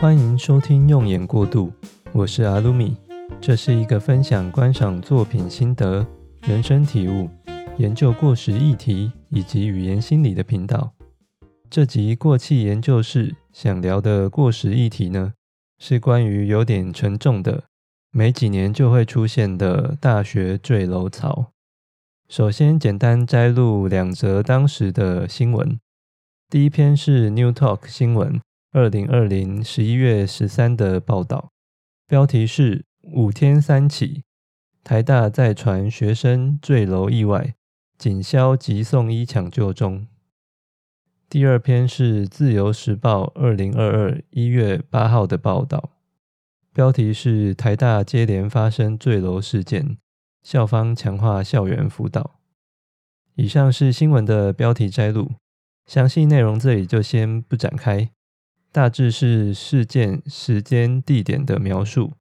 歡迎收聽《用眼過度》，我是阿魯米。這是一個分享觀賞作品心得、人生體悟、研究過時議題以及語言心理的頻道。這集過氣研究室想聊的過時議題呢，是關於有點沉重的，每幾年就會出現的大學墜樓潮。首先，簡單摘錄兩則當時的新聞。第一篇是 New Talk 新聞。二零二零十一月十三的報道，標題是“五天三起台大再傳學生墜樓意外，警消急送醫搶救中”。第二篇是《自由時報》二零二二一月八號的報道，標題是“台大接連發生墜樓事件，校方強化校園輔導”。以上是新聞的標題摘錄，詳細內容這裡就先不展開。大致是事件、時間、地點的描述，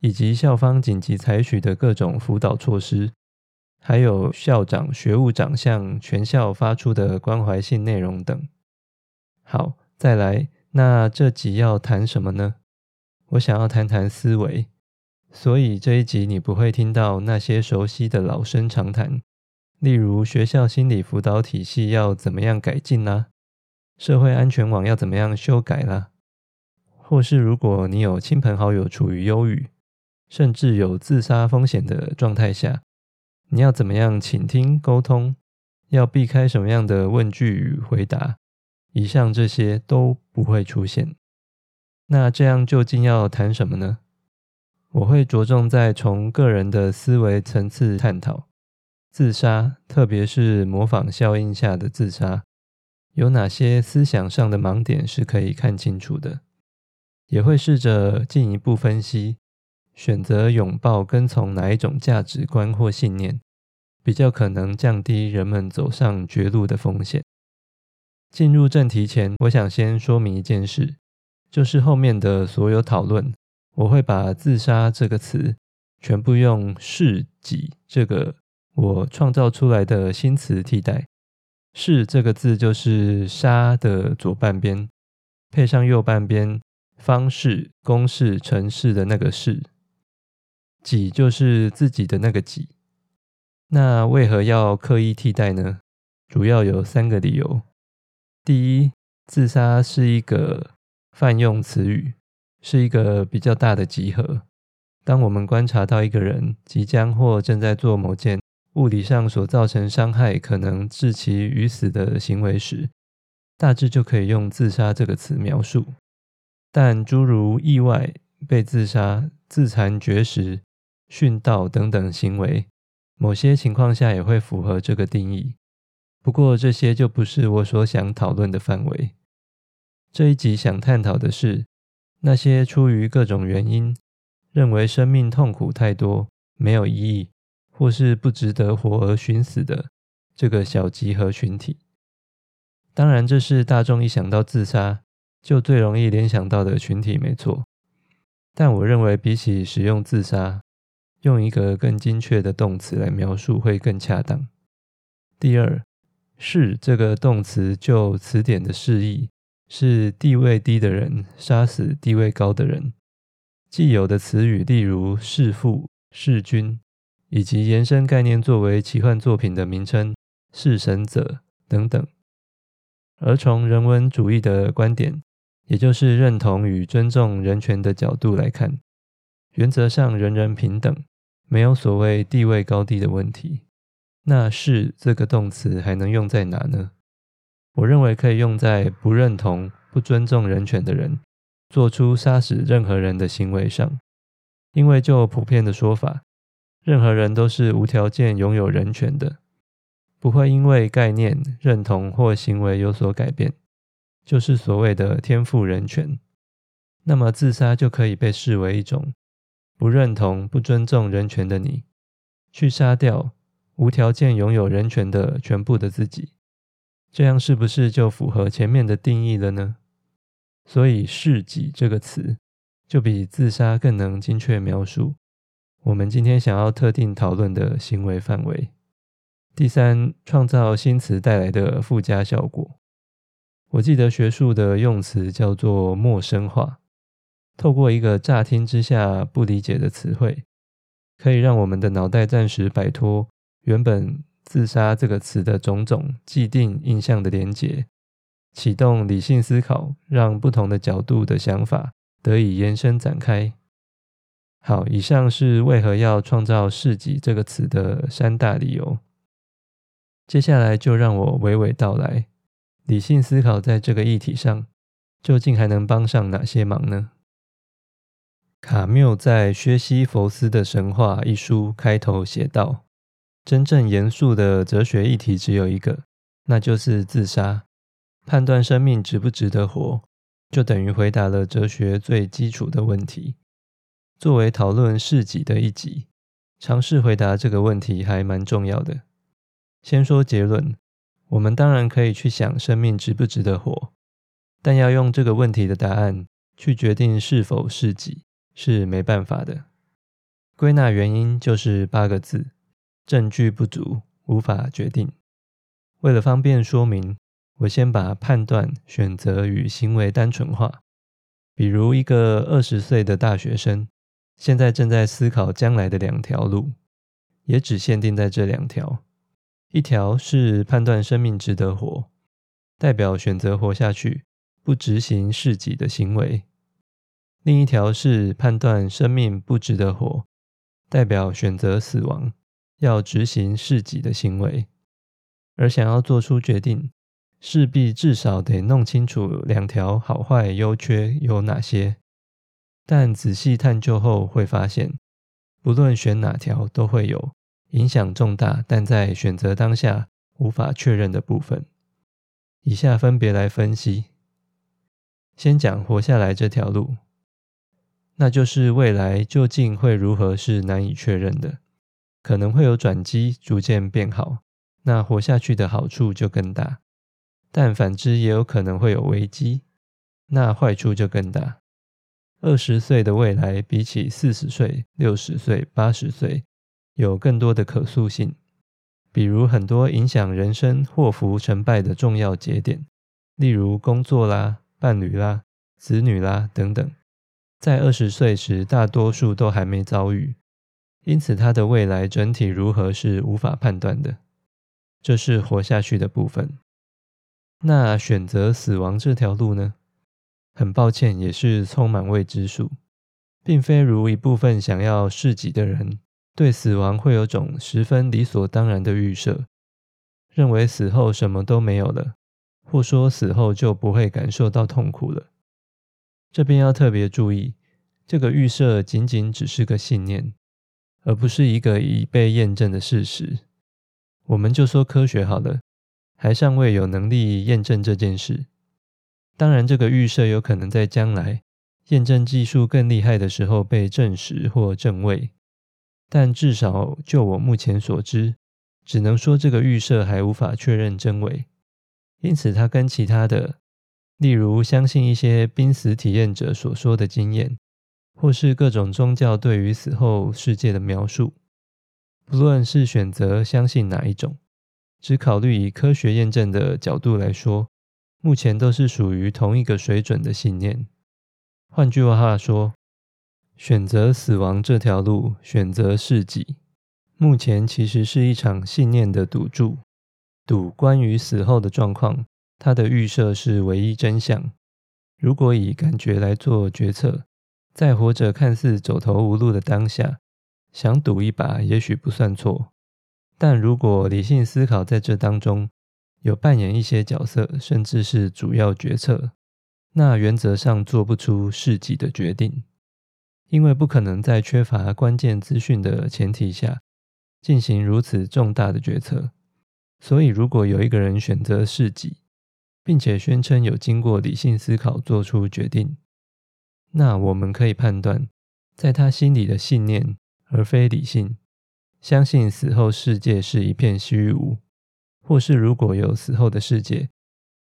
以及校方緊急採取的各種輔導措施，還有校長、學務長向全校發出的關懷信內容等。好，再來，那這集要談什麼呢？我想要談談思維，所以這一集你不會聽到那些熟悉的老生常談，例如學校心理輔導體系要怎麼樣改進呢、啊？社會安全網要怎麼樣修改啦？或是如果你有親朋好友處於憂鬱，甚至有自殺風險的狀態下，你要怎麼樣傾聽溝通？要避開什麼樣的問句與回答？以上這些都不會出現。那這樣究竟要談什麼呢？我會着重在從個人的思維層次探討自殺，特別是模仿效應下的自殺。有哪些思想上的盲點是可以看清楚的？也會試着進一步分析，選擇擁抱跟從哪一種價值觀或信念，比較可能降低人們走上絕路的風險。進入正題前，我想先說明一件事，就是後面的所有討論，我會把“自殺”這個詞全部用“弑己”這個我創造出來的新詞替代。是這個字就是“殺”的左半邊，配上右半邊“方式”“公式”“城市的那個式”，“己”就是自己的那個“己”。那為何要刻意替代呢？主要有三個理由：第一，自殺是一個泛用詞語，是一個比較大的集合。當我們觀察到一個人即將或正在做某件，物理上所造成傷害可能致其於死的行為時，大致就可以用“自殺”這個詞描述。但諸如意外、被自殺、自殘、絕食、殉道等等行為，某些情況下也會符合這個定義。不過這些就不是我所想討論的範圍。這一集想探討的是，那些出於各種原因，認為生命痛苦太多、沒有意義，或是不值得活而尋死的這個小集合群體，當然這是大眾一想到自殺就最容易聯想到的群體，沒錯。但我認為，比起使用自殺，用一個更精確的動詞來描述會更恰當。第二，弒這個動詞就詞典的釋義是地位低的人殺死地位高的人，既有的詞語，例如弒父、弒君。以及延伸概念作為奇幻作品的名稱，弒神者等等。而從人文主義的觀點，也就是認同與尊重人權的角度來看，原則上人人平等，沒有所謂地位高低的問題。那“弒”這個動詞還能用在哪呢？我認為可以用在不認同、不尊重人權的人做出殺死任何人的行為上，因為就普遍的說法。任何人都是無條件擁有人權的，不會因為概念、認同或行為有所改變，就是所謂的天賦人權。那麼，自殺就可以被視為一種不認同、不尊重人權的你去殺掉無條件擁有人權的全部的自己，這樣是不是就符合前面的定義了呢？所以，“弒己”這個詞就比自殺更能精確描述。我們今天想要特定討論的行為範圍。第三，創造新詞帶來的附加效果。我記得學術的用詞叫做陌生化，透過一個乍聽之下不理解的詞彙，可以讓我們的腦袋暫時擺脫原本“自殺”這個詞的種種既定印象的連結，啟動理性思考，讓不同的角度的想法得以延伸展開。好，以上是為何要創造“世紀”這個詞的三大理由。接下來就讓我娓娓道來。理性思考在這個議題上，究竟還能幫上哪些忙呢？卡繆在《薛西弗斯的神話》一書開頭寫道：“真正嚴肅的哲學議題只有一個，那就是自殺。判斷生命值不值得活，就等於回答了哲學最基礎的問題。”作為討論弑己的一集，嘗試回答這個問題還蠻重要的。先說結論，我們當然可以去想生命值不值得活，但要用這個問題的答案去決定是否弒己，是沒辦法的。歸納原因就是八個字：證據不足，無法決定。為了方便說明，我先把判斷、選擇與行為單純化，比如一個二十歲的大學生。現在正在思考將來的兩條路，也只限定在這兩條：一條是判斷生命值得活，代表選擇活下去，不執行弒己的行為；另一條是判斷生命不值得活，代表選擇死亡，要執行弒己的行為。而想要做出決定，勢必至少得弄清楚兩條好壞優缺有哪些。但仔細探究後會發現，不論選哪條，都會有影響重大，但在選擇當下無法確認的部分。以下分別來分析。先講活下來這條路，那就是未來究竟會如何是難以確認的，可能會有轉機，逐漸變好，那活下去的好處就更大；但反之也有可能會有危機，那壞處就更大。二十歲的未來，比起四十歲、六十歲、八十歲，有更多的可塑性。比如很多影響人生禍福成敗的重要節點，例如工作啦、伴侶啦、子女啦等等，在二十歲時大多數都還沒遭遇，因此他的未來整體如何是無法判斷的。這是活下去的部分。那選擇死亡這條路呢？很抱歉，也是充滿未知數，並非如一部分想要弒己的人對死亡會有種十分理所當然的預設，認為死後什麼都沒有了，或說死後就不會感受到痛苦了。這邊要特別注意，這個預設僅僅只是個信念，而不是一個已被驗證的事實。我們就說科學好了，還尚未有能力驗證這件事。當然，這個預設有可能在將來驗證技術更厲害的時候被證實或證偽，但至少就我目前所知，只能說這個預設還無法確認真偽。因此，它跟其他的，例如相信一些瀕死體驗者所說的經驗，或是各種宗教對於死後世界的描述，不論是選擇相信哪一種，只考慮以科學驗證的角度來說，目前都是屬於同一個水準的信念。換句話，話說，選擇死亡這條路，選擇自己，目前其實是一場信念的賭注，賭關於死後的狀況。它的預設是唯一真相。如果以感覺來做決策，在活着看似走投無路的當下，想賭一把，也許不算錯。但如果理性思考在這當中，有扮演一些角色，甚至是主要決策，那原則上做不出世己的決定，因為不可能在缺乏關鍵資訊的前提下進行如此重大的決策。所以，如果有一個人選擇世己，並且宣稱有經過理性思考做出決定，那我們可以判斷，在他心裡的信念而非理性，相信死後世界是一片虛無。或是如果有死後的世界，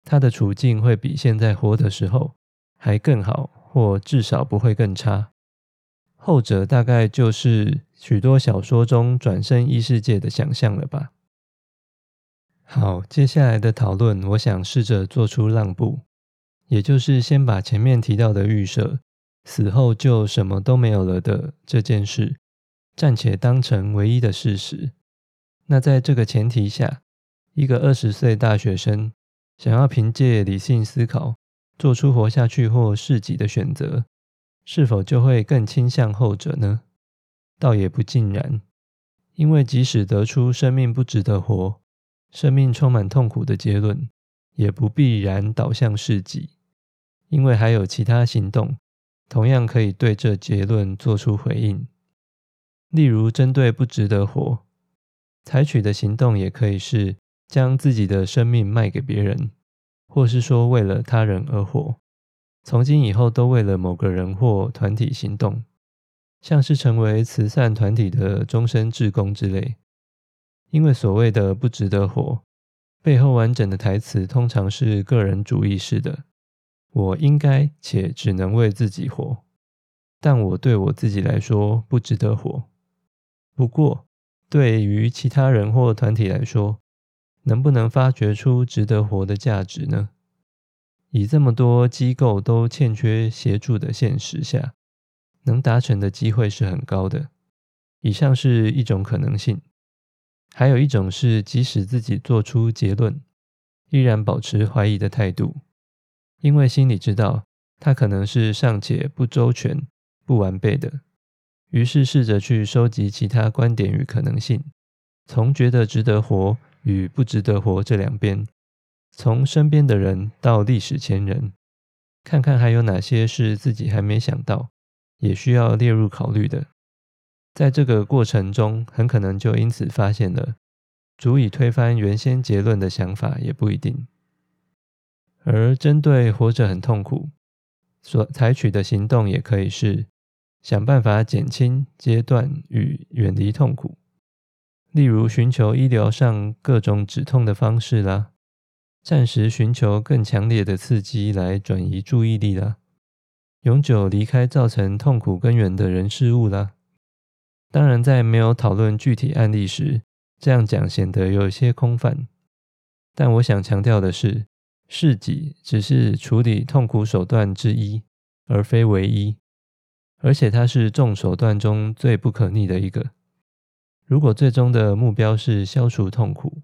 他的處境會比現在活的時候還更好，或至少不會更差。後者大概就是許多小說中轉生異世界的想象了吧。好，接下來的討論，我想試着做出讓步，也就是先把前面提到的預設死後就什麼都沒有了的這件事暫且當成唯一的事實。那在這個前提下，一個二十歲大學生想要憑借理性思考做出活下去或弒己的選擇，是否就會更傾向後者呢？倒也不盡然，因為即使得出生命不值得活、生命充滿痛苦的結論，也不必然導向弒己，因為還有其他行動同樣可以對這結論做出回應。例如，針對不值得活採取的行動，也可以是，將自己的生命賣給別人，或是說為了他人而活，從今以後都為了某個人或團體行動，像是成為慈善團體的終身志工之類。因為所謂的不值得活，背後完整的台詞通常是個人主義式的，我應該且只能為自己活，但我對我自己來說不值得活。不過，對於其他人或團體來說，能不能發掘出值得活的價值呢？以這麼多機構都欠缺協助的現實下，能達成的機會是很高的。以上是一種可能性，還有一種是，即使自己做出結論，依然保持懷疑的態度，因為心裡知道它可能是尚且不周全、不完備的，於是試着去收集其他觀點與可能性，從覺得值得活，與不值得活這兩邊，從身邊的人到歷史前人，看看還有哪些是自己還沒想到，也需要列入考慮的。在這個過程中，很可能就因此發現了足以推翻原先結論的想法，也不一定。而針對活着很痛苦，所採取的行動也可以是想辦法減輕、階段與遠離痛苦。例如，尋求醫療上各種止痛的方式啦；暫時尋求更強烈的刺激來轉移注意力啦；永久離開造成痛苦根源的人事物啦。當然，在沒有討論具體案例時，這樣講顯得有些空泛。但我想強調的是，弒己只是處理痛苦手段之一，而非唯一，而且它是眾手段中最不可逆的一個。如果最終的目標是消除痛苦，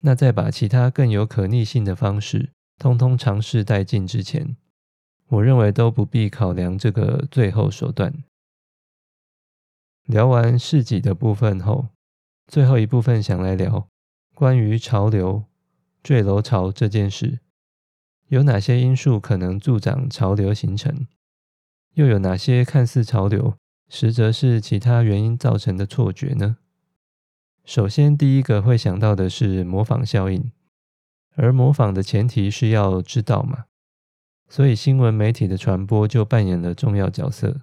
那在把其他更有可逆性的方式通通嘗試殆盡之前，我認為都不必考量這個最後手段。聊完試己的部分後，最後一部分想來聊關於潮流墜樓潮這件事，有哪些因素可能助長潮流形成，又有哪些看似潮流？實則是其他原因造成的錯覺呢？首先，第一個會想到的是模仿效應，而模仿的前提是要知道嘛，所以新聞媒體的傳播就扮演了重要角色。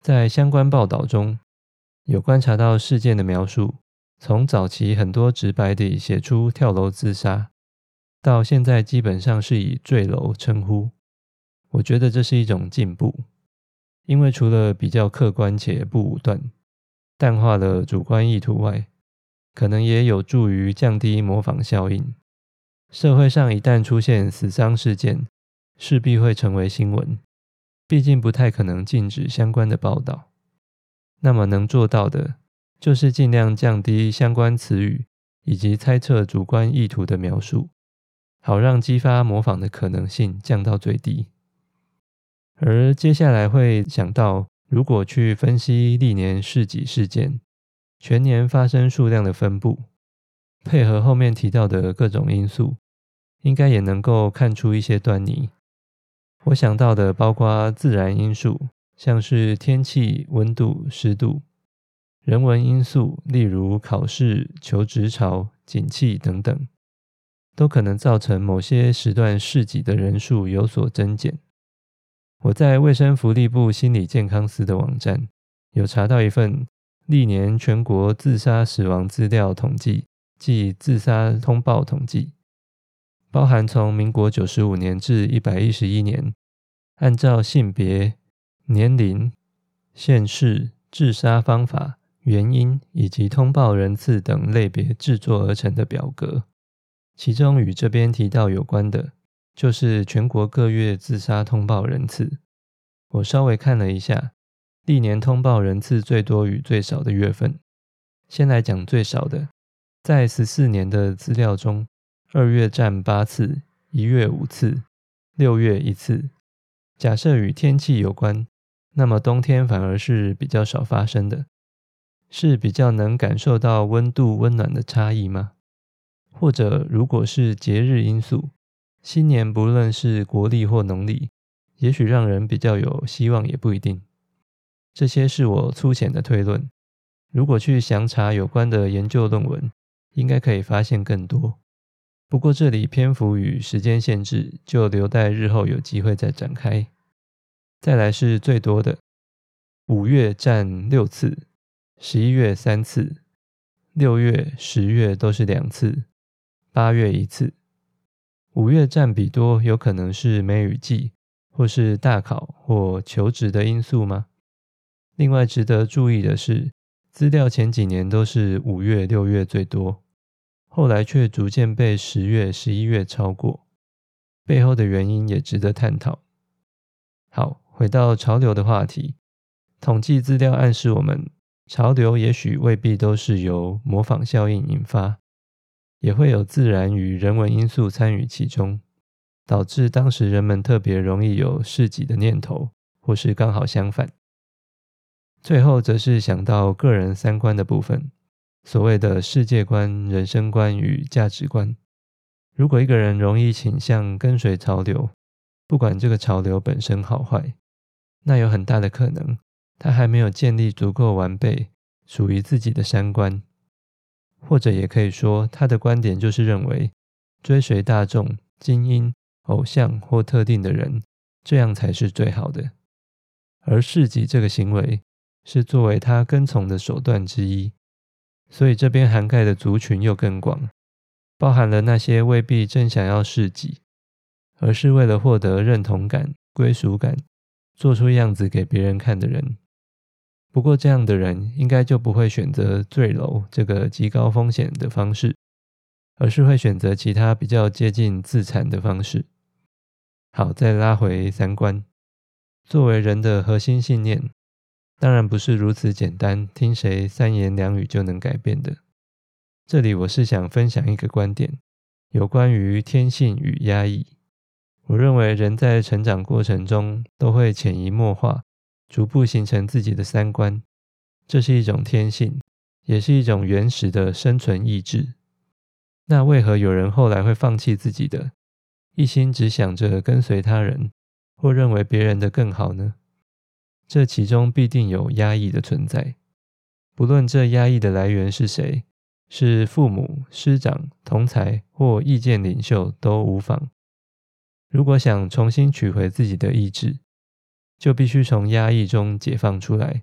在相關報道中有觀察到事件的描述，從早期很多直白地寫出“跳樓自殺”，到現在基本上是以“墜樓”稱呼，我覺得這是一種進步。因為除了比較客觀且不武斷、淡化了主觀意圖外，可能也有助於降低模仿效應。社會上一旦出現死傷事件，勢必會成為新聞，畢竟不太可能禁止相關的報道。那麼能做到的就是儘量降低相關詞語以及猜測主觀意圖的描述，好讓激發模仿的可能性降到最低。而接下來會想到，如果去分析歷年市集事件全年發生數量的分布，配合後面提到的各種因素，應該也能夠看出一些端倪。我想到的包括自然因素，像是天氣、溫度、濕度；人文因素，例如考試、求職潮、景氣等等，都可能造成某些時段市集的人數有所增減。我在衛生福利部心理健康司的網站有查到一份歷年全國自殺死亡資料統計，即自殺通報統計，包含從民國九十五年至一百一十一年，按照性別、年齡、縣市、自殺方法、原因以及通報人次等類別制作而成的表格，其中與這邊提到有關的。就是全國各月自殺通報人次，我稍微看了一下歷年通報人次最多與最少的月份。先來講最少的，在十四年的資料中，二月占八次，一月五次，六月一次。假設與天氣有關，那麼冬天反而是比較少發生的，是比較能感受到溫度溫暖的差異嗎？或者如果是節日因素，新年不論是國曆或農曆，也許讓人比較有希望，也不一定。這些是我粗淺的推論。如果去詳查有關的研究論文，應該可以發現更多。不過這裡篇幅與時間限制，就留待日後有機會再展開。再來是最多的，五月占六次，十一月三次，六月、十月都是兩次，八月一次。五月占比多，有可能是梅雨季，或是大考或求職的因素嗎？另外值得注意的是，資料前幾年都是五月、六月最多，後來卻逐漸被十月、十一月超過，背後的原因也值得探討。好，回到潮流的話題，統計資料暗示我們，潮流也許未必都是由模仿效應引發。也會有自然與人文因素參與其中，導致當時人們特別容易有事己的念頭，或是剛好相反。最後，則是想到個人三觀的部分，所謂的世界觀、人生觀與價值觀。如果一個人容易傾向跟隨潮流，不管這個潮流本身好壞，那有很大的可能，他還沒有建立足夠完備、屬於自己的三觀。或者也可以說，他的觀點就是認為，追隨大眾、精英、偶像或特定的人，這樣才是最好的。而士級這個行為是作為他跟從的手段之一，所以這邊涵蓋的族群又更廣，包含了那些未必正想要士級，而是為了獲得認同感、歸屬感，做出樣子給別人看的人。不過，這樣的人應該就不會選擇墜樓這個極高風險的方式，而是會選擇其他比較接近自殘的方式。好，再拉回三觀，作為人的核心信念，當然不是如此簡單，聽誰三言兩語就能改變的。這裡我是想分享一個觀點，有關於天性與壓抑。我認為人在成長過程中都會潛移默化。逐步形成自己的三觀，這是一種天性，也是一種原始的生存意志。那為何有人後來會放棄自己的，一心只想着跟隨他人，或認為別人的更好呢？這其中必定有壓抑的存在，不論這壓抑的來源是誰，是父母、師長、同儕或意見領袖都無妨。如果想重新取回自己的意志。就必須從壓抑中解放出來，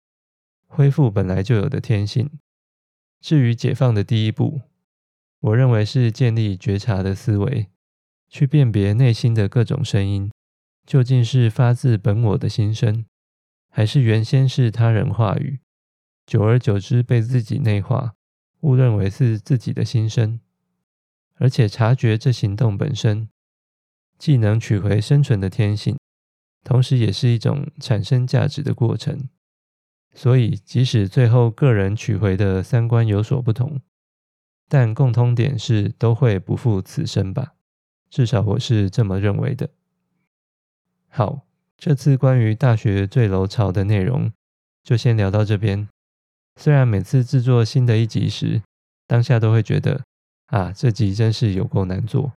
恢復本來就有的天性。至於解放的第一步，我認為是建立覺察的思維，去辨別內心的各種聲音，究竟是發自本我的心聲，還是原先是他人話語，久而久之被自己內化，誤認為是自己的心聲。而且察覺這行動本身，既能取回生存的天性。同時也是一種產生價值的過程，所以即使最後個人取回的三觀有所不同，但共通點是都會不負此生吧，至少我是這麼認為的。好，這次關於大學墜樓潮的內容就先聊到這邊。雖然每次制作新的一集時，當下都會覺得啊，這集真是有夠難做，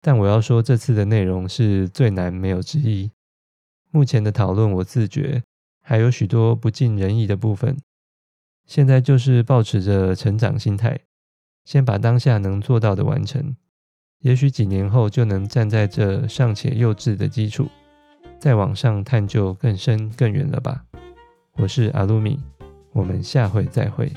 但我要說這次的內容是最難沒有之一。目前的討論，我自覺還有許多不盡人意的部分。現在就是抱持著成長心態，先把當下能做到的完成。也許幾年後就能站在這尚且幼稚的基礎，再往上探究更深更遠了吧。我是阿魯米，我們下回再會。